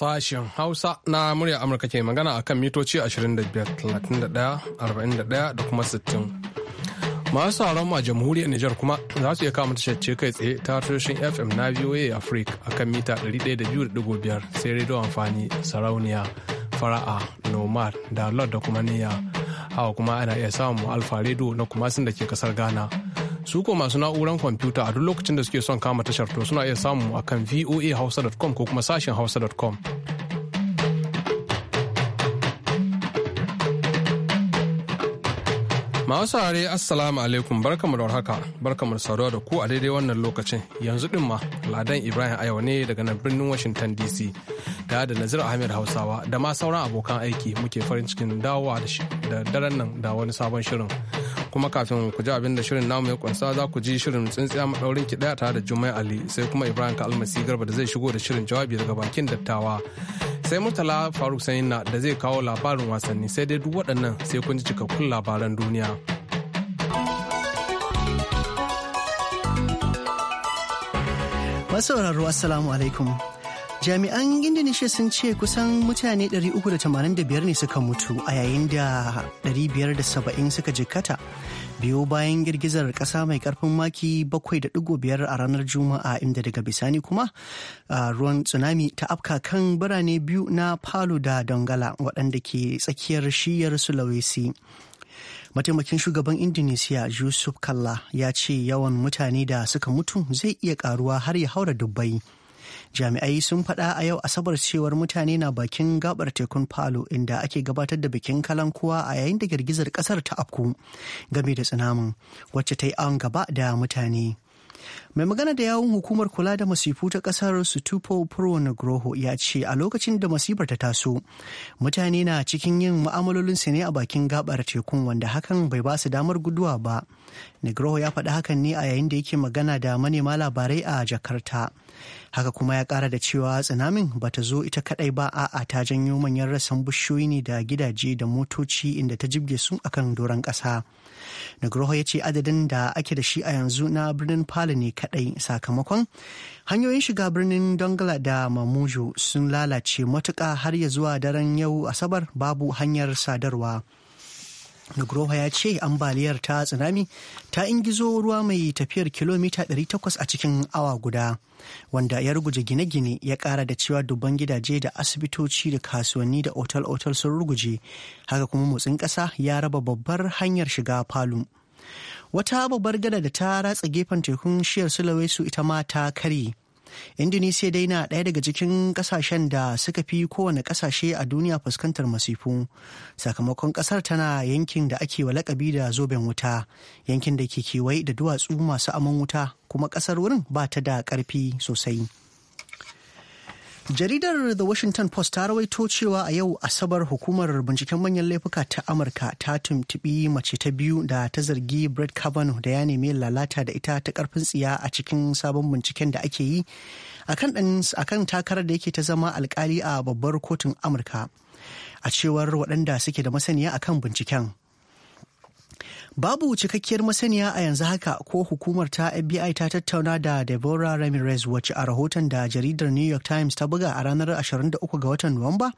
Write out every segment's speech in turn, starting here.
sashen Hausa na murya Amurka ke magana akan mitoci 25, da kuma 60. Masu sauran ma jamhuriyar Nijar kuma za su iya kama tashar kai tsaye ta tashoshin FM na VOA Africa akan mita 102.5 sai rediyo amfani sarauniya fara'a nomad da lord da kuma niyya. Hawa kuma ana iya samun alfa na kuma sun da ke kasar Ghana. su ko masu na'uran kwamfuta a duk lokacin da suke son kama tashar to suna iya samu a kan voahausa.com ko kuma sashen hausa.com. Masu saurare assalamu alaikum barkamu da warhaka barkamu da saurawa da ku a daidai wannan lokacin yanzu din ma ladan Ibrahim Ayawa ne daga nan birnin Washington DC da da Nazir Ahmed Hausawa da ma sauran abokan aiki muke farin cikin dawowa da daren nan da wani sabon shirin. kuma kafin ku ji abin da shirin namu ya kunsa za ku ji shirin tsintsiya maɗaurin ki ɗaya tare da Jummai Ali sai kuma Ibrahim Kalmasi Garba da zai shigo da shirin jawabi daga bakin dattawa. Sai Murtala Faruk Sanina da zai kawo labarin wasanni sai dai duk waɗannan sai kun ji cikakkun labaran duniya. Masauraro Assalamu alaikum. jami'an indonesia sun ce kusan mutane 385 ne suka mutu a yayin da 570 suka jikkata biyo bayan girgizar kasa mai karfin maki 7.5 a ranar juma'a inda daga bisani kuma ruwan tsunami ta afka kan birane biyu na palu da dongala waɗanda ke tsakiyar shiyar sulawesi mataimakin shugaban indonesia yusuf kalla ya ce yawan mutane da suka mutu zai iya karuwa har ya haura dubbai jami'ai sun faɗa a yau asabar cewar mutane na bakin gabar tekun palo inda ake gabatar da bikin kalankuwa a yayin da girgizar kasar ta afku game da tsunamin wacce ta yi an gaba da mutane mai magana da yawun hukumar kula da masifu ta kasar sutupo purwonagroho ya ce a lokacin da masifar ta taso mutane na cikin yin su ne a bakin gabar tekun wanda hakan bai ba su damar guduwa ba negroho ya faɗi hakan ne a yayin da yake magana da manema labarai a jakarta haka kuma ya kara da cewa tsunamin ba ta zo ita kadai ba a'a ta janyo manyan rasan bishiyoyi ne da gidaje da motoci inda ta jibge su akan doron kasa nagroho ya ce adadin da ake da shi a yanzu na birnin falo ne kadai sakamakon hanyoyin shiga birnin dongala da mamujo sun lalace matuka har ya zuwa daren yau asabar babu hanyar sadarwa nugroha ya ce ambaliyar ta tsunami ta ingizo ruwa mai tafiyar kilomita 800 a cikin awa guda wanda ya ruguje gine-gine ya kara da cewa dubban gidaje da asibitoci da kasuwanni da otal-otal sun ruguje haka kuma motsin ƙasa ya raba babbar hanyar shiga palu wata babbar gada da ta ratsa gefen tekun shiyar sulawesu ita ma ta karye Indonesia dai na ɗaya daga cikin ƙasashen da suka fi kowane ƙasashe a duniya fuskantar masifu. Sakamakon ƙasar tana yankin da ake wa laƙabi da zoben wuta, yankin da ke kewaye da duwatsu masu aman wuta kuma ƙasar wurin ba ta da ƙarfi sosai. Jaridar The Washington Post ta rawaito cewa a yau Asabar hukumar binciken manyan laifuka ta Amurka ta tuntuɓi mace ta biyu da ta zargi Brett Kavanaugh da ya nemi lalata da ita ta karfin tsiya a cikin sabon binciken da ake yi a kan takarar da yake ta zama alkali a babbar kotun Amurka. A cewar waɗanda suke da masaniya akan binciken. Babu cikakkiyar masaniya a yanzu haka ko hukumar ta FBI ta tattauna da Deborah Ramirez wacce a rahoton da jaridar New York Times ta buga a ranar 23 ga watan Nuwamba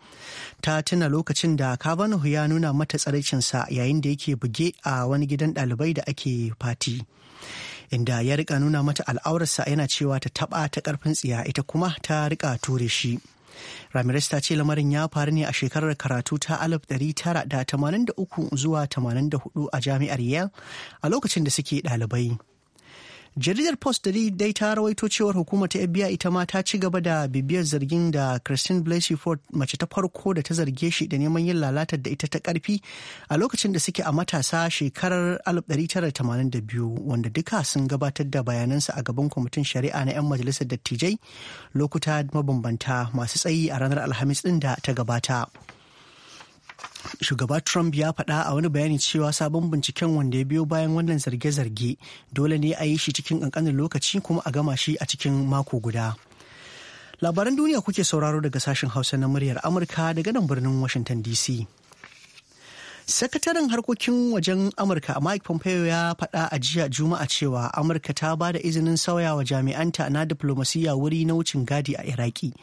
ta tuna lokacin da Kavanaugh ya nuna mata tsaraicinsa yayin da yake buge a wani gidan ɗalibai da ake fati. Inda ya rika nuna mata al'aurarsa yana cewa ta taɓa ta karfin tsiya ita kuma ta rika ture shi. Ramirez ta ce lamarin ya faru ne a shekarar karatu ta 1983 zuwa 84 a jami'ar Yale a lokacin da suke ɗalibai. jaridar post dai ta rawaito cewar hukumar ta fbi ita ma ta ci gaba da bibiyar zargin da christine blasey ford mace ta farko da ta zarge shi da neman yin lalatar da ita ta karfi a lokacin da suke a matasa shekarar 1982 wanda duka sun gabatar da bayanansa a gaban kwamitin shari'a na 'yan majalisar dattijai lokuta mabambanta masu tsayi a ranar alhamis din da ta gabata. shugaba trump ya faɗa a wani bayani cewa sabon binciken wanda ya biyo bayan wannan zarge-zarge dole ne a yi shi cikin ƙanƙanin lokaci kuma a gama shi a cikin mako guda labaran duniya kuke sauraro daga sashen hausa na muryar amurka daga nan birnin washington dc Sakataren harkokin wajen Amurka Mike Pompeo ya faɗa a jiya Juma'a cewa Amurka ta ba da izinin sauyawa jami'anta na diplomasiyya wuri na wucin gadi a Iraki.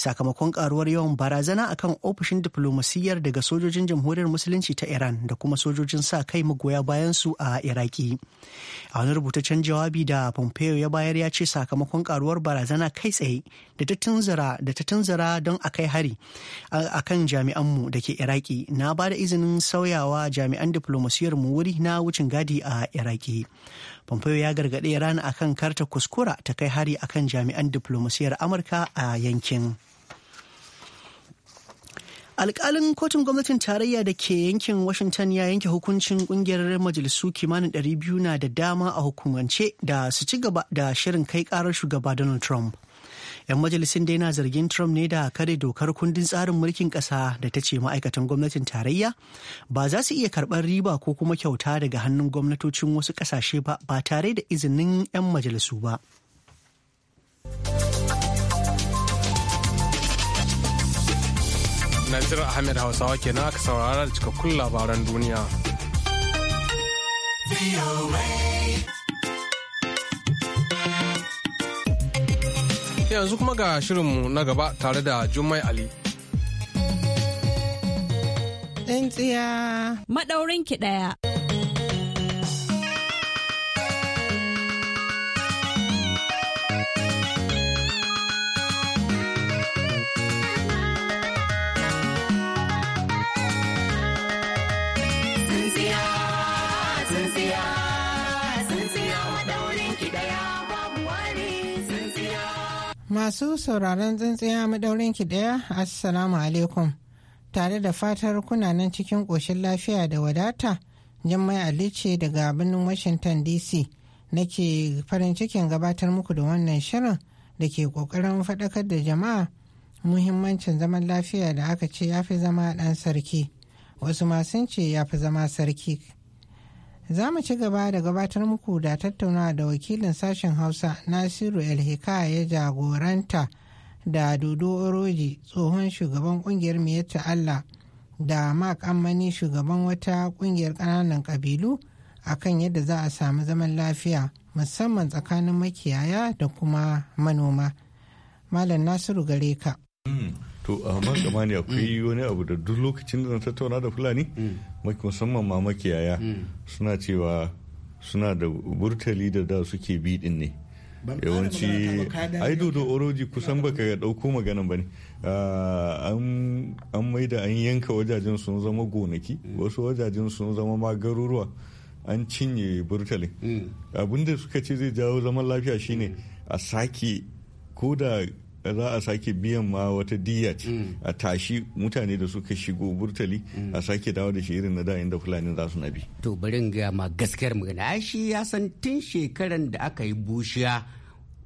Sakamakon karuwar yawan barazana akan ofishin diplomasiyyar daga sojojin jamhuriyar musulunci ta Iran da kuma sojojin sa kai magoya bayan su a Iraki. A wani rubutaccen jawabi da Pompeo ya bayar ya ce sakamakon karuwar barazana kai tsaye da ta tunzara da ta tunzara don a kai hari akan jami'anmu da ke Iraki na ba da izinin sauya koyawa jami'an diplomasiyar mu wuri na wucin gadi a iraki pompeo ya gargaɗe iran akan karta kuskura ta kai hari akan jami'an diplomasiyar amurka a yankin alkalin kotun gwamnatin tarayya da ke yankin washington ya yanke hukuncin kungiyar majalisu kimanin 200 na da dama a hukumance da su ci gaba da shirin kai karar shugaba donald trump 'Yan majalisun dai na zargin Trump ne da kare dokar kundin tsarin mulkin kasa da ta ce ma'aikatan gwamnatin tarayya ba za su iya karɓar riba ko kuma kyauta daga hannun gwamnatocin wasu ƙasashe ba ba tare da izinin 'yan majalisu ba. Nazir Ahmed Hausawa kenan aka saurara da cikakkun labaran duniya. Yanzu kuma ga shirinmu na gaba tare da Jummai Ali. Ɗan tsiya. Maɗaurinki ɗaya. Masu sauraron tsintsiya madaurin ki ɗaya, Assalamu alaikum. Tare da fatar kuna nan cikin ƙoshin lafiya da wadata, Jummai Ali ce daga birnin Washington DC. Nake farin cikin gabatar muku da wannan shirin da ke ƙoƙarin faɗakar da jama'a muhimmancin zaman lafiya da aka ce ya fi zama ɗan sarki. Wasu masun ce ya fi zama sarki. za mu ci gaba da gabatar muku da tattaunawa da wakilin sashen hausa nasiru elhika ya jagoranta da dodo oroji tsohon shugaban kungiyar miyatta allah da mark ammani shugaban wata kungiyar ƙananan ƙabilu kan yadda za a samu zaman lafiya musamman tsakanin makiyaya da kuma manoma malam nasiru gare ka hmm. to a kamani akwai mm. wani abu da duk lokacin da na tattauna da fulani mm. musamman ma makiyaya mm. suna cewa suna da burtali da da suke bi din ne yawanci ai dodo oroji kusan baka dauko maganin ba ne ah, an da an yanka wajajen sun zama gonaki wasu wajajen sun zama ma garuruwa an cinye burtali abinda suka ce zai jawo zaman lafiya shine a sake ko da za a sake biyan ma wata diya mm. a tashi mutane da suka shigo burtali mm. a sake dawo da shi irin na da inda fulani za su nabi to bari in gaya ma gaskiyar magana shi ya san tun shekaran da aka yi bushiya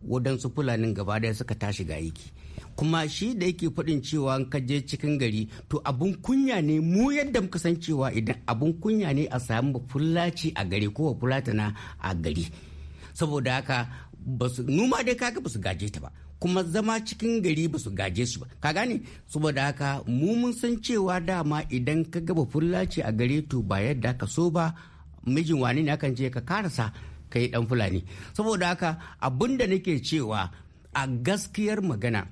wadansu fulanin gaba daya suka tashi ga aiki kuma shi da yake faɗin cewa an kaje cikin gari to abun kunya ne mu yadda muka san cewa idan abun kunya ne a samu fulaci a gari ko fulatana a gari saboda haka numa dai kaga ba su gaje ta ba kuma zama cikin gari ba su gaje su ba ka gane saboda haka mu mun san cewa dama idan ka gaba fullaci a gare to ba yadda ka so ba mijin wani ne akan je ka karasa ka yi dan fulani saboda haka abin da nake cewa a gaskiyar magana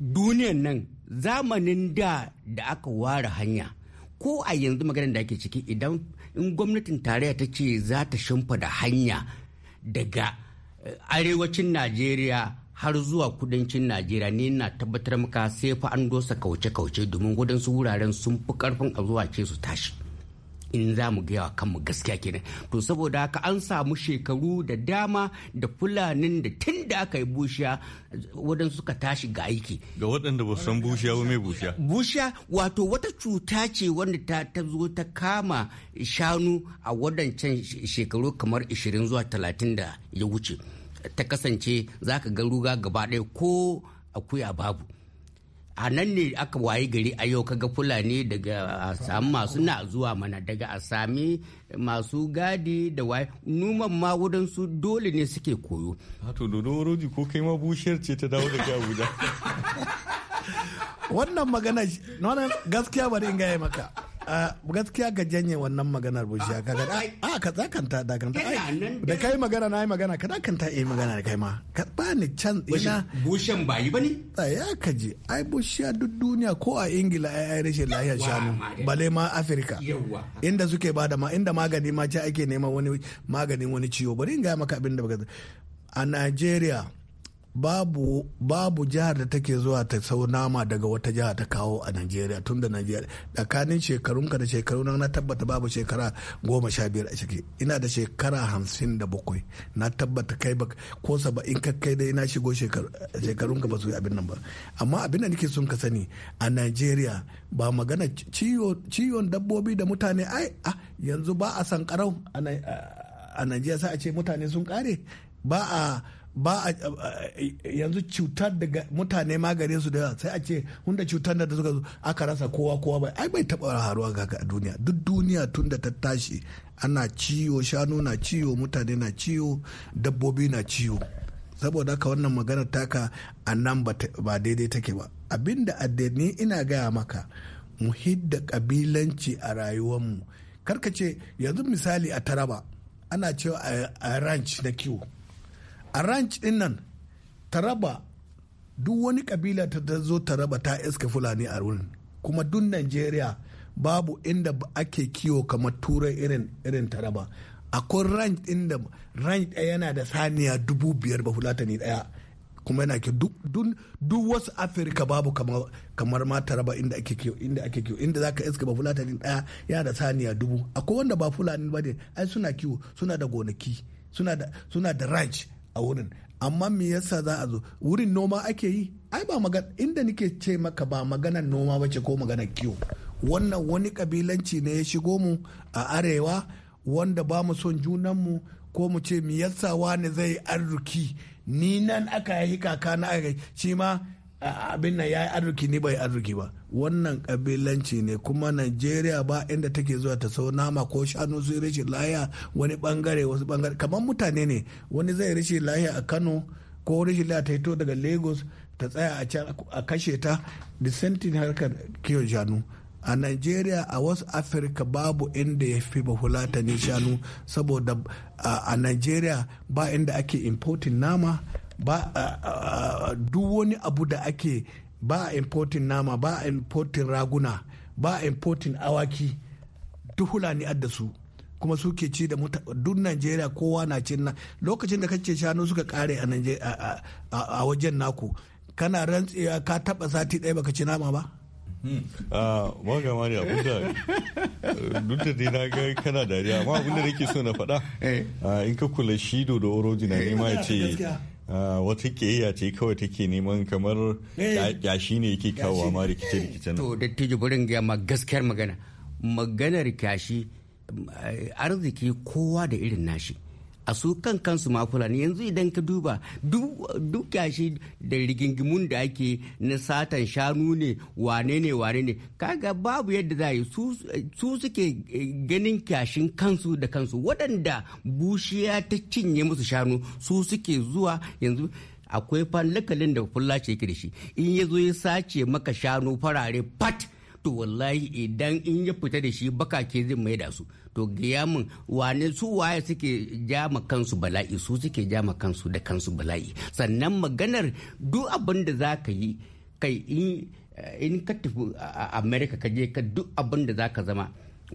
duniyan nan zamanin da da aka ware hanya ko a yanzu magana da ake ciki idan in gwamnatin tarayya ta ce za ta da hanya daga eh, arewacin najeriya har zuwa kudancin najeriya ne na tabbatar maka sai fa an dosa kauce-kauce domin wadansu wuraren sun fi karfin a zuwa ce su tashi in za mu gaya kanmu gaskiya kenan to saboda haka an samu shekaru da dama da fulanin da tun da aka yi bushiya waɗansu suka tashi ga aiki ga waɗanda ba san bushiya ba mai bushiya bushiya wato wata cuta ce wanda ta, ta zo ta kama shanu a waɗancan shekaru kamar 20 zuwa 30 da ya wuce ta kasance za ka ga ruga gaba ɗaya ko akuya babu a nan ne aka waye gari a yau kaga fulani daga a sami masu na zuwa mana daga a sami masu gadi da waye numan ma wurin su dole ne suke koyo wato dodo roji ko kai ma bushiyar ce ta dawo daga abuja wannan magana gaskiya bari in gaya maka gaskiya ka janye wannan maganar bushi ka ga a ka zakanta da kanta da kai magana na yi magana ka zakanta yi magana da kai ma ka ba ni can ina bushin ba yi bane ya ka ji ai bushiya duk duniya ko a ingila ai ai rashin lahiyar shanu bale ma afirka inda suke ba da ma inda magani ma ce ake neman wani maganin wani ciwo bari in ga maka abin da baka a Najeriya babu babu jihar da take zuwa ta sau nama daga wata jiha ta kawo a najeriya tun da najeriya tsakanin shekarunka da shekaru na tabbata babu shekara goma sha biyar a ciki ina da shekara hamsin da bakwai na tabbata kai ba ko saba'in ka kai dai na shigo shekarunka ba su yi abin nan ba amma abin da nake son ka sani a najeriya ba magana ciwon dabbobi da mutane ai ah, yanzu ba a sankarau a najeriya sai a ce mutane sun kare ba a ba a yanzu cutar daga mutane ma gare su da yawa sai a ce hunda cutar da suka zo aka rasa kowa kowa bai ai bai taba haruwa ga a duniya duk duniya tun da ta tashi ana ciwo shanu na ciwo mutane na ciwo dabbobi na ciwo saboda haka wannan magana taka a nan ba daidai take ba abinda addini ina gaya maka mu hidda kabilanci a mu karka ce yanzu misali a taraba ana cewa a ranch na kiwo a ranch din nan ta raba duk wani kabila ta zo ta raba ta iska fulani a wurin kuma duk najeriya babu inda ake kiwo kamar turai irin irin ta raba akwai ranch din da ranch ɗaya yana da saniya dubu biyar ba fulatani ɗaya kuma yana ke duk wasu afirka babu kamar ma taraba inda ake kiwo inda ake kiwo inda zaka iska ba fulatani ɗaya yana da saniya dubu akwai wanda ba fulani ba ne ai suna kiwo suna da gonaki suna da ranch a wurin amma me yasa za a zo wurin noma ake yi ai ba magana inda nike ce maka ba magana noma bace ko magana kiwo wannan wani kabilanci ne ya shigo mu a arewa wanda ba mu son mu ko mu ce me yasa wani zai arruki ni nan aka yi kaka na aka shi ma abin nan ya yi arziki ni bai arziki ba wannan kabilanci ne kuma najeriya ba inda take zuwa ta sau nama ko shanu su rashin lahiya wani bangare wasu bangare kamar mutane ne wani zai rashin lahiya a kano ko rashin lahiya ta hito daga lagos ta tsaya a kashe ta dissenting harkar kiwon shanu a nigeria a wasu afirka babu inda ya fi bahulata ne shanu saboda a nigeria ba inda ake importing nama ba duk wani abu da ake ba a importing nama ba a importing raguna ba a importing awaki duk hulani adda su kuma suke ci da duk najeriya kowa na cin na lokacin da kace shanu suka kare a wajen naku kana rantsewa ka taba sati ɗaya baka ci nama ba maga hmm. ah, mani abinda eh, duk da dai na ga kana dariya amma abinda ke so na faɗa eh. ah, in ka kula shi da oroji na nema ya ce Ah, wata ya ce kawai take neman kamar eh. yashi ne yake kawo ma rikice-rikice to dattijo burin ga ma gaskiyar magana maganar kashi eh, arziki kowa da irin nashi a su kan kansu ma fulani yanzu idan ka duba duk yashi da rigingimun da ake na satan shanu ne wane ne wane ne kaga babu yadda za yi su suke eh, ganin kyashin kansu da kansu waɗanda bushiya ta cinye musu shanu su suke zuwa yanzu akwai fan da fulla ce da shi in ya zo ya sace maka shanu farare pat to wallahi idan in ya fita da shi bakake zai mai da su to gaya min wane su waye suke ja ma kansu bala'i su suke ja ma kansu da kansu bala'i sannan maganar duk abin da za ka yi kai in ka tafi america ka je ka duk abin da za ka zama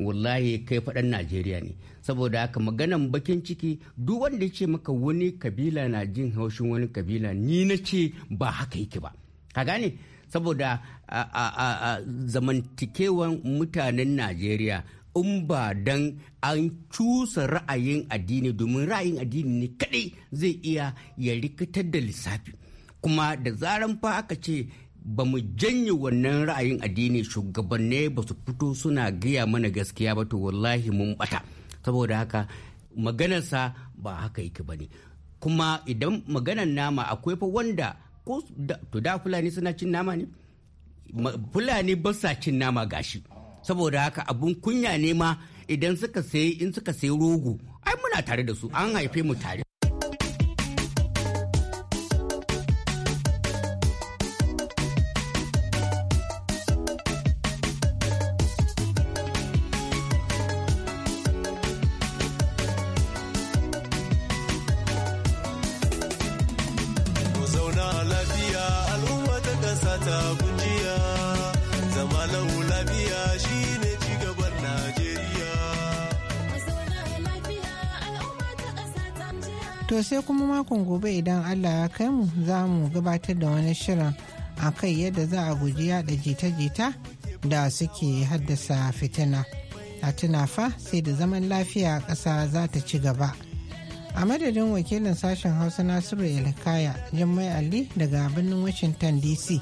wallahi kai faɗan najeriya ne saboda haka maganan bakin ciki duk wanda ya ce maka wani kabila na jin haushin wani kabila ni na ce ba haka yake ba ka gane saboda a zamantakewan mutanen najeriya in ba dan an cusa ra'ayin addini domin ra'ayin addini ne kadai zai iya ya rikitar da lissafi kuma da zaran fa aka ce ba mu janye wannan ra'ayin addini shugabanni ba su fito suna gaya mana gaskiya ba to wallahi mun bata saboda haka maganarsa ba haka yake ba ne kuma idan maganar nama akwai fa wanda ko to da fulani suna cin nama ne fulani ba sa cin nama gashi saboda haka abun kunya ne ma idan suka sayi in suka sayi rogo ai muna tare da su an haife mu tare gujiya zama lau lafiya shine cigaban Najeriya. To sai kuma makon gobe idan Allah ya kai mu za mu gabatar da wani shirin a kai yadda za a guji yada jita-jita da suke haddasa fitina. A tuna fa sai da zaman lafiya ƙasa za ta ci gaba. A madadin wakilin sashen Hausa Nasiru Elkaya Jummai Ali daga birnin Washington DC.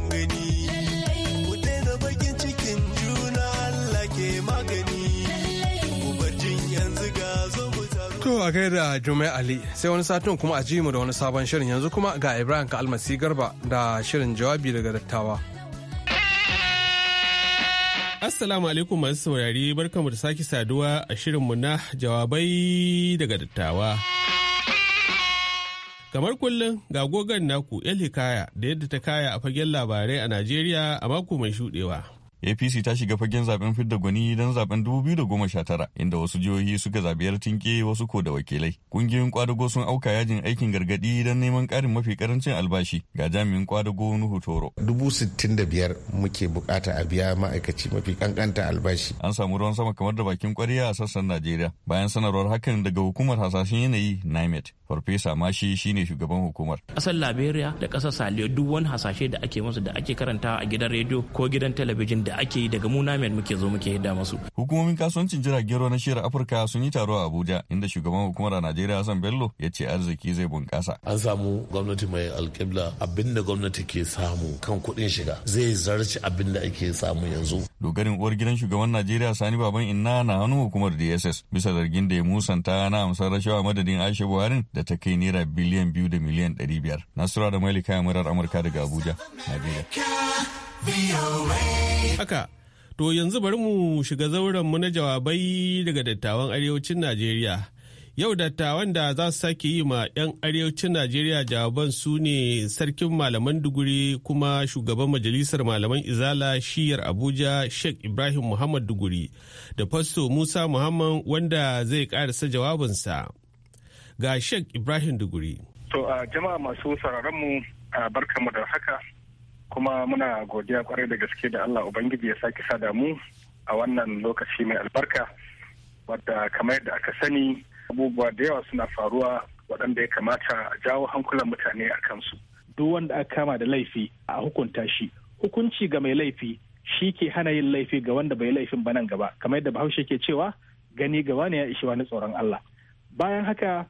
a da Jummai Ali sai wani satin kuma a mu da wani sabon shirin yanzu kuma ga Ibrahim ka almasi garba da shirin jawabi daga dattawa. Assalamu alaikum masu saurari barkamu da sake saduwa a mu na jawabai daga dattawa. Kamar kullum ga gogan naku El Hikaya da yadda ta kaya a fagen labarai a Najeriya a mako mai shudewa. apc ta shiga fagen zaben fidda gwani don zaben 2019 inda wasu jihohi suka zabi yar tinke wasu ko da wakilai kungiyoyin kwadago sun auka yajin aikin gargadi don neman karin mafi karancin albashi ga jami'in kwadago nuhu toro dubu sittin da biyar muke bukata a biya ma'aikaci mafi kankanta albashi an samu ruwan sama kamar da bakin kwarya a sassan najeriya bayan sanarwar hakan daga hukumar hasashen yanayi nimet farfesa mashi shine shugaban hukumar ƙasar liberia da ƙasar saliyo duk wani hasashe da ake musu da ake karantawa a gidan rediyo ko gidan talabijin da ake yi daga mu muke zo muke hidda musu hukumomin kasuwancin jiragen ruwa na shiyar afirka sun yi taro a abuja inda shugaban hukumar a najeriya hassan bello ya ce arziki zai bunƙasa an samu gwamnati mai alƙibla abinda gwamnati ke samu kan kuɗin shiga zai zarci abinda ake samu yanzu dogarin uwar gidan shugaban najeriya sani baban inna na hannun hukumar dss bisa zargin da ya musanta na amsar rashawa madadin aisha buharin da da ta kai naira biliyan biyu da miliyan ɗari biyar. Nasura da Malika ya murar Amurka daga Abuja, Najeriya. Haka, to yanzu bari mu shiga zauren mu na jawabai daga dattawan arewacin Najeriya. Yau dattawan da za su sake yi ma 'yan arewacin Najeriya jawaban su ne sarkin malaman duguri kuma shugaban majalisar malaman izala shiyar Abuja Sheikh Ibrahim Muhammad duguri da fasto Musa Muhammad wanda zai karasa jawabinsa. ga Sheikh Ibrahim Duguri. To a jama'a masu sauraron mu a barkamu da haka kuma muna godiya kwarai da gaske da Allah Ubangiji ya sake sada mu a wannan lokaci mai albarka wadda kamar yadda aka sani abubuwa da yawa suna faruwa waɗanda ya kamata a jawo hankulan mutane a kansu. Duk wanda aka kama da laifi a hukunta shi. Hukunci ga mai laifi shi ke hana yin laifi ga wanda bai laifin ba nan gaba kamar yadda bahaushe ke cewa gani gaba ne ya ishi wani tsoron Allah. Bayan haka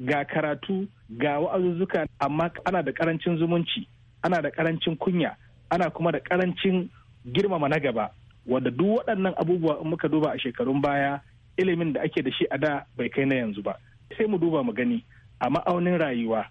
ga karatu ga wa'azuzzuka amma ana da karancin zumunci ana da karancin kunya ana kuma da karancin girmama na gaba wanda duk waɗannan abubuwa in muka duba a shekarun baya ilimin da ake da shi a da bai kai na yanzu ba sai mu duba mu gani a ma'aunin rayuwa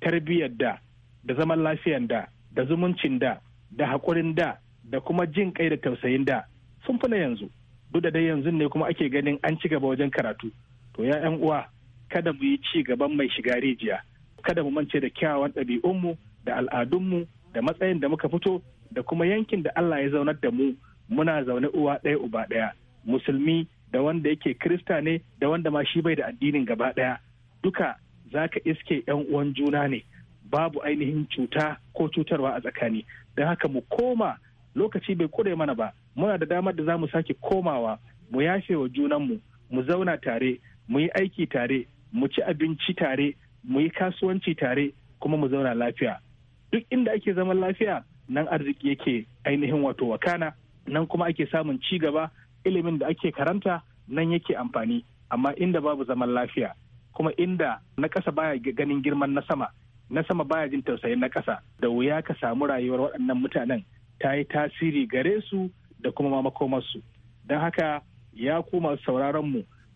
tarbiyyar da da zaman lafiyar da da zumuncin da da haƙurin da da kuma jin kai da tausayin da sun fi na yanzu duk da dai yanzu ne kuma ake ganin an ci gaba wajen karatu to ya yan uwa kada mu yi ci gaban mai shiga rijiya kada mu mance da kyawawan ɗabi'unmu da al'adunmu da matsayin da muka fito da kuma yankin da Allah ya zaunar da mu muna zaune uwa ɗaya uba ɗaya musulmi da wanda yake krista ne da wanda ma shi bai da addinin gaba ɗaya duka za ka iske yan uwan juna ne babu ainihin cuta ko cutarwa a tsakani don haka mu koma lokaci bai kure mana ba muna da damar da za mu sake komawa mu yafe wa junanmu mu zauna tare mu yi aiki tare mu ci abinci tare mu yi kasuwanci tare kuma mu zauna lafiya duk inda ake zaman lafiya nan arziki yake ainihin wato wakana nan kuma ake samun ci gaba ilimin da ake karanta nan yake amfani amma inda babu zaman lafiya kuma inda na ƙasa baya ganin girman na sama na sama baya jin tausayin na ƙasa da wuya ka samu rayuwar waɗannan mutanen ta yi tasiri gare su da kuma makomarsu don haka ya ku masu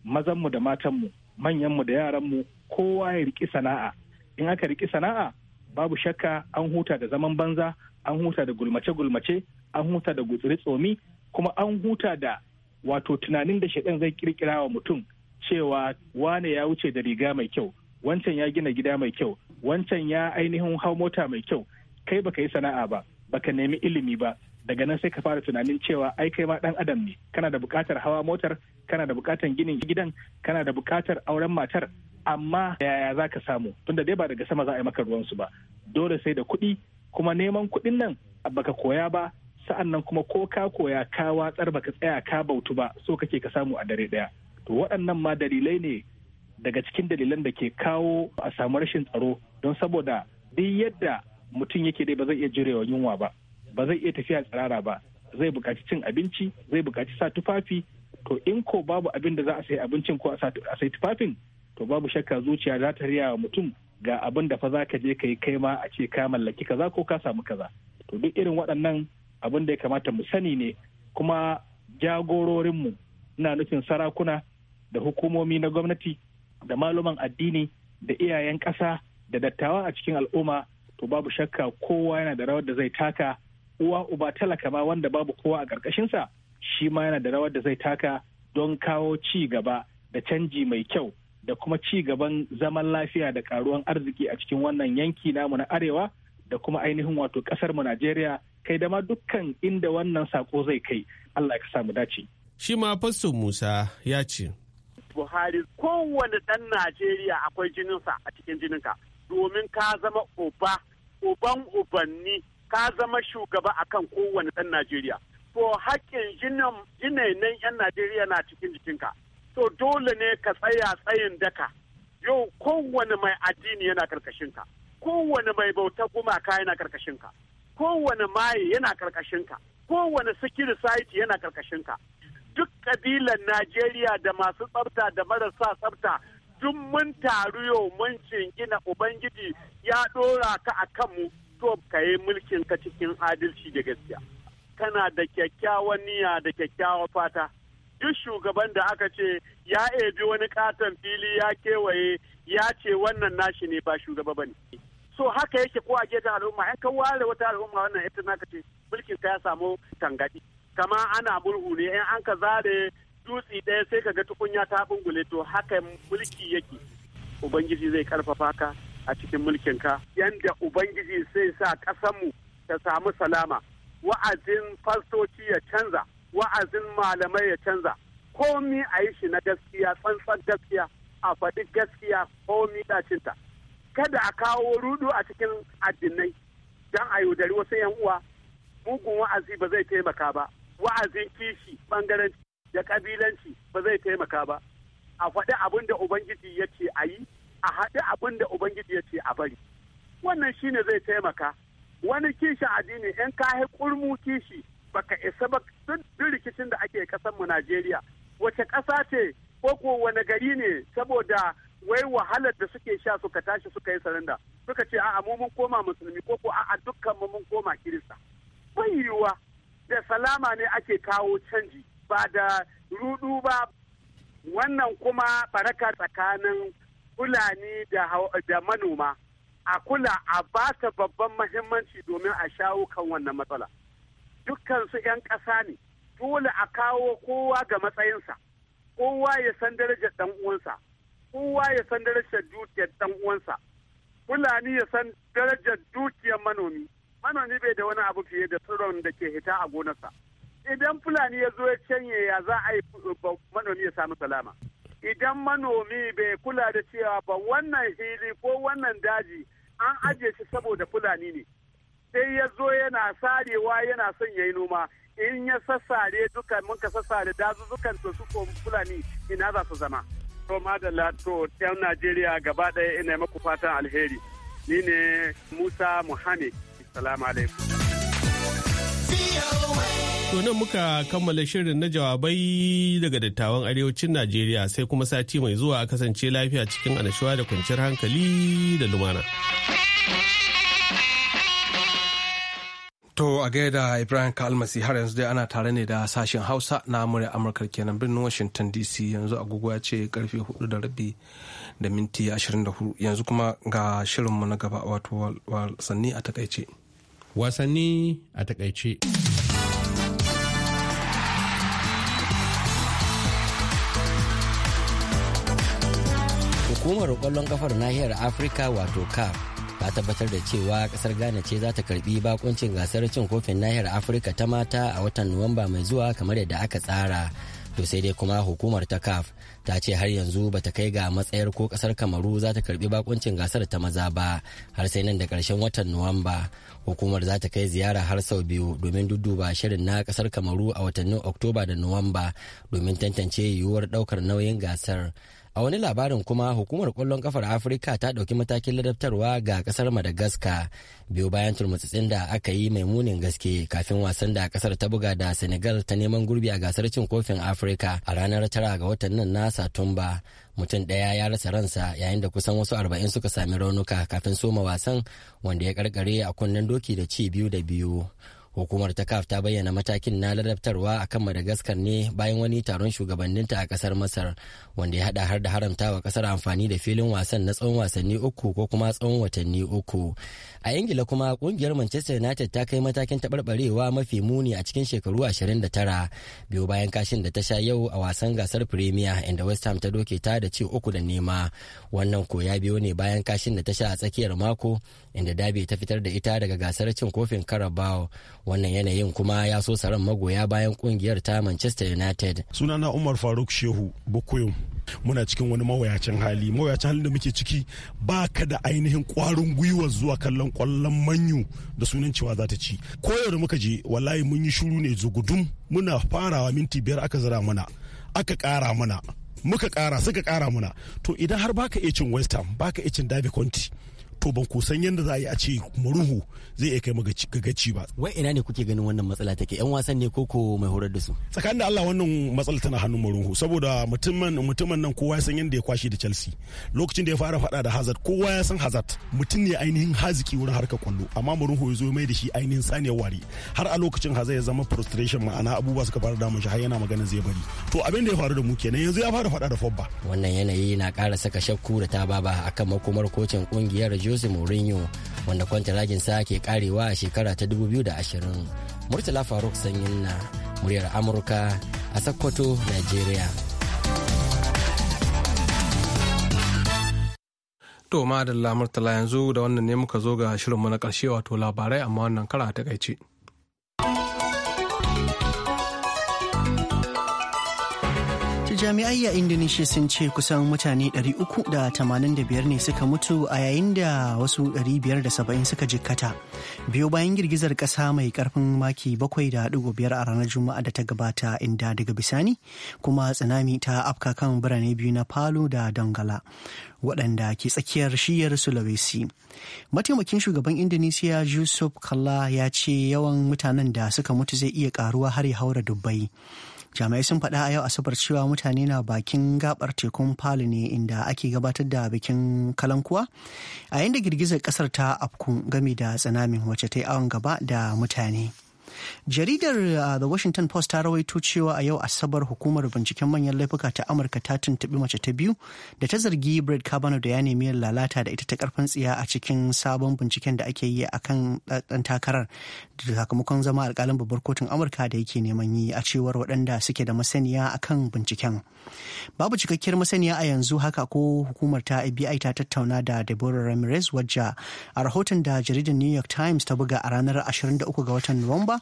mazanmu da matanmu manyanmu da yaranmu kowa ya riki sana'a in aka riki sana'a babu shakka an huta da zaman banza an huta da gulmace-gulmace an huta da gutsiri tsomi kuma an huta da wato tunanin da shaɗan zai kirkira wa mutum cewa wane ya wuce da riga mai kyau wancan ya gina gida mai kyau wancan ya ainihin hau mota mai kyau kai baka yi sana'a ba baka nemi ilimi ba daga nan sai ka fara tunanin cewa ai kai ma dan adam ne kana da bukatar hawa motar kana da bukatar ginin gidan kana da bukatar auren matar amma yaya za ka samu tunda dai ba daga sama za a yi maka ruwansu ba dole sai da kuɗi kuma neman kuɗin nan baka koya ba sa'an nan kuma ko ka koya ka watsar baka tsaya ka bautu ba so kake ka samu a dare ɗaya to waɗannan ma dalilai ne daga cikin dalilan da ke kawo a samu rashin tsaro don saboda duk yadda mutum yake dai ba zai iya jirewa yunwa ba ba zai iya tafiya tsirara ba zai buƙaci cin abinci zai buƙaci sa tufafi to in ko babu abin da za a sayi abincin ko a sayi tufafin to babu shakka zuciya za ta riya wa mutum ga abin da fa za ka je ka yi kai ma a ce ka mallaki kaza ko ka samu kaza to duk irin waɗannan abin da ya kamata mu sani ne kuma jagororinmu ina nufin sarakuna da hukumomi na gwamnati da maluman addini da iyayen ƙasa da dattawa a cikin al'umma to babu shakka kowa yana da rawar da zai taka uwa uba talaka ba wanda babu kowa a ƙarƙashinsa shi ma yana da rawar da zai taka don kawo ci gaba da canji mai kyau da kuma ci gaban zaman lafiya da karuwan arziki a cikin wannan yanki namu na arewa da kuma ainihin wato kasar mu Najeriya kai da ma dukkan inda wannan sako zai kai Allah ya samu dace. Shi ma Fasto Musa ya ce. Buhari kowane ɗan Najeriya akwai jininsa a cikin jininka domin ka zama uba uban ubanni ka zama shugaba akan kowane ɗan Najeriya. To haƙƙin jinainan 'yan Najeriya na cikin jikinka. To dole ne ka tsaya tsayin daka. Yau kowane mai addini yana karkashinka. Kowane mai bauta gumaka yana karkashinka. Kowane maye yana karkashinka. Kowane sikiri saiti yana karkashinka. Duk ƙabilan Najeriya da masu tsabta da marasa tsabta. duk mun taru yau mun gina Ubangiji ya ɗora ka a kanmu Trump ka yi mulkin ka cikin adalci da gaskiya kana da kyakkyawan niyya da kyakkyawan fata duk shugaban da aka ce ya ebi wani katon fili ya kewaye ya ce wannan nashi ne ba shugaba ne. so haka yake ko a gefen al'umma ya kan ware wata al'umma wannan ita naka ce mulkin ka ya samu tangaɗi. kama ana mulhu ne in an ka zare dutse ɗaya sai ka ga tukunya ta bungule to haka mulki yake ubangiji zai karfafa ka a cikin mulkinka yanda ubangiji sai sa ƙasanmu ta samu salama wa'azin fastoci ya canza wa'azin malamai ya canza komi a yi shi na gaskiya tsantsan gaskiya a faɗi gaskiya komi dacinta kada a kawo rudu a cikin addinai don a yaudari wasu yan uwa mugun wa'azi ba zai taimaka ba wa'azin kishi bangaranci da kabilanci ba zai taimaka ba a faɗi abin da ubangiji ya a yi a haɗe abin da ubangiji ya ce a bari wannan shi ne zai taimaka wani kishin addini in ka kurmu kishi baka isa ba duk rikicin da ake kasar mu Najeriya wace ƙasa ce ko ko wani gari ne saboda wai wahalar da suke sha suka tashi suka yi saranda suka ce a'a mu mun koma musulmi ko ko a'a dukkan mu mun koma kirista bai yiwuwa da salama ne ake kawo canji ba da rudu ba wannan kuma baraka tsakanin fulani da manoma a kula a ba ta babban mahimmanci domin a shawo kan wannan matsala dukkansu 'yan ƙasa ne dole a kawo kowa ga matsayinsa kowa ya san darajar ɗan uwansa kowa ya san darajar dukiyar ɗan uwansa fulani ya san darajar dukiyar manomi manomi bai da wani abu fiye da tsiron da ke hita a gonarsa idan fulani ya zo ya canye ya za a yi eh, manomi ya samu salama idan manomi bai kula da cewa ba wannan hili ko wannan daji an ajiye shi saboda fulani ne sai ya zo yana sarewa yana son ya yi noma in ya sassare duka mun ka sassare dazuzzukan to su ko fulani ina za su zama to madalla to yan najeriya gaba ɗaya ina maku fatan alheri ni ne musa muhammed salamu alaikum To nan muka kammala shirin na jawabai daga dattawan arewacin Najeriya sai kuma sati mai zuwa kasance lafiya cikin annashuwa da kwanciyar hankali da lumana. To a gaida Ibrahim Kalmasi har yanzu dai ana tare ne da sashen Hausa na murya Amurka kenan birnin Washington DC yanzu agogo ya ce karfe hudu da rabi da minti 24 yanzu kuma ga shirinmu na gaba wato wasanni a takaice. Wasanni a takaice. hukumar kwallon kafar nahiyar afirka wato caf ta tabbatar da cewa kasar ghana ce za ta karbi bakuncin gasar cin kofin nahiyar afirka ta mata a watan nuwamba mai zuwa kamar yadda aka tsara to sai dai kuma hukumar ta caf ta ce har yanzu ba ta kai ga matsayar ko kasar kamaru za ta karbi bakuncin gasar ta maza ba har sai nan da karshen watan nuwamba hukumar za ta kai ziyara har sau biyu domin dudduba shirin na kasar kamaru a watannin oktoba da nuwamba domin tantance yiwuwar ɗaukar nauyin gasar a wani labarin kuma hukumar kwallon kafar afirka ta ɗauki matakin ladabtarwa ga ƙasar madagascar biyu bayan turmutsitsin da aka yi mai munin gaske kafin wasan da ƙasar ta buga da senegal ta neman gurbi a gasar cin kofin afirka a ranar tara ga watan nan na satumba mutum ɗaya ya rasa ransa yayin da kusan wasu arba'in suka sami raunuka kafin soma wasan wanda ya karkare a kunnen doki da ci biyu da biyu hukumar ta kaf ta bayyana matakin na ladabtarwa a kan madagaskar ne bayan wani taron shugabanninta a kasar masar wanda ya hada har da haramtawa kasar amfani da filin wasan na tsawon wasanni uku ko kuma tsawon watanni uku a ingila kuma kungiyar manchester united ta kai matakin taɓarɓarewa mafi muni a cikin shekaru ashirin da tara biyu bayan kashin da ta sha yau a wasan gasar premier inda west ham ta doke ta da ci uku da nema wannan ko ya biyo ne bayan kashin da ta sha a tsakiyar mako inda dabe ta fitar da ita daga gasar cin kofin carabao wannan yanayin kuma ya so saran magoya bayan kungiyar ta manchester united sunana umar faruk shehu bukoyum muna cikin wani mawuyacin hali mawuyacin halin da muke ciki ba ka da ainihin kwarin gwiwa zuwa kallon kwallon manyu da sunan cewa za ta ci koyar da muka je wallahi mun yi shuru ne zugudum muna farawa minti biyar aka zara mana aka kara mana muka kara suka kara mana to idan har baka iya cin baka iya cin derby to ban kusan yadda za a yi a ce muruhu zai iya kai ga gaci ba. Wai ina ne kuke ganin wannan matsala take yan wasan ne ko ko mai horar da su. Tsakanin da Allah wannan matsala tana hannun murhu saboda mutumin mutumin nan kowa ya san yadda ya kwashe da Chelsea lokacin da ya fara fada da Hazard kowa ya san Hazard mutum ne ainihin haziki wurin harkar kwallo amma muruhu ya zo mai da shi ainihin saniyar wari har a lokacin Hazard ya zama frustration ma'ana abubuwa suka fara damun shi har yana magana zai bari. To abin da ya faru da mu kenan yanzu ya fara fada da Fobba. Wannan yanayi na ƙara saka shakku da ta baba akan makomar kocin kungiyar jose mourinho wanda sa ke karewa a shekara ta 2020 murtala faruk sanyin na muryar amurka a sokoto nigeria to madalla murtala yanzu da wannan ne muka zo ga shirinmu na ƙarshe, wato labarai amma wannan kara ta takaice. jami'ai a Indonesia sun ce kusan mutane 385 ne suka mutu a yayin da wasu 570 suka jikkata. Biyo bayan girgizar ƙasa mai ƙarfin maki 7.5 a ranar Juma'a da ta gabata inda daga bisani kuma tsunami ta afka kan birane biyu na Palu da dangala waɗanda ke tsakiyar shiyar Sulawesi. Mataimakin shugaban Indonesia Yusuf Kalla ya ce yawan mutanen da suka mutu zai iya karuwa har ya haura dubbai. jami'ai sun faɗa a yau asabar cewa mutane na bakin gabar tekun palu ne inda ake gabatar da bikin kalankuwa a yayin da girgizar kasar ta afku game da tsanamin wacce ta yi awon gaba da mutane. jaridar uh, the washington post ta rawaito cewa a yau asabar hukumar binciken manyan laifuka ta amurka ta tuntubi mace ta biyu da ta zargi brett kavanaugh da ya nemi lalata da ita ta karfin tsiya a cikin sabon binciken da ake yi kan dan takarar da sakamakon zama alkalin babbar kotun amurka da yake neman yi a cewar waɗanda suke da masaniya a kan binciken babu cikakkiyar masaniya a yanzu haka ko hukumar ta fbi ta tattauna da deborah ramirez wajja a rahoton da jaridar new york times ta buga a ranar 23 ga watan nuwamba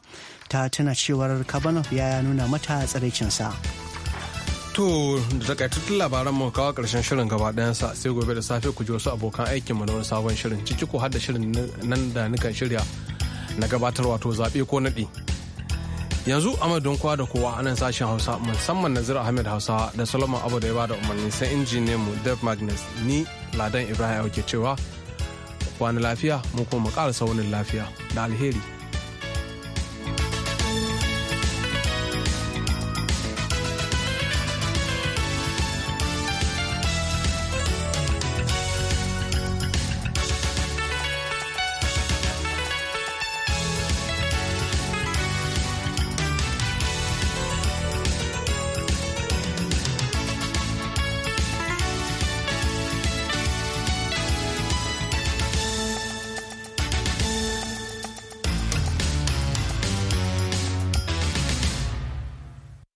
ta tana cewar kavanaugh ya nuna mata sa. to da takaitattun labaran mu kawo karshen shirin gaba sa sai gobe da safe ku ji wasu abokan mu na wani sabon shirin ciki ko har da shirin nan da nukan shirya na gabatar wato zaɓe ko naɗi yanzu amadun kowa da kowa anan sashen hausa musamman zira ahmed hausa da solomon abu da ya bada umarni sai injiniyan mu dev magnus ni ladan ibrahim ke cewa kwana lafiya mu kuma mu karasa wani lafiya da alheri